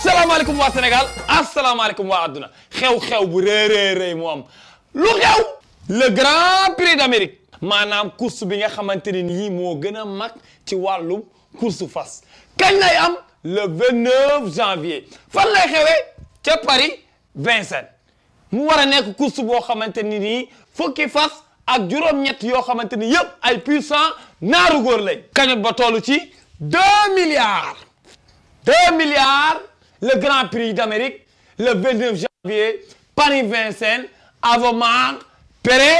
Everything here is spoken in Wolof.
asalaamaaleykum wa Sénégal asalaamaaleykum wa Aduna. xew-xew bu re re rëy mom. lu xew. le grand prix d'Amérique Manam course bi nga xamanteni ni mo gëna gën mag ci walu course fas kañ lay am le 29 janvier fan lay xewé ci Paris Vincennes mu wara nek course bo xamanteni ni nii fukki fas ak juroom ñet yo xamanteni yépp ay puissant naru gor lañ. kañot ba tollu ci 2 milliards 2 milliards le Grand Prix d'Amérique, le 29 janvier, Paris-Vincennes, Avomar, péré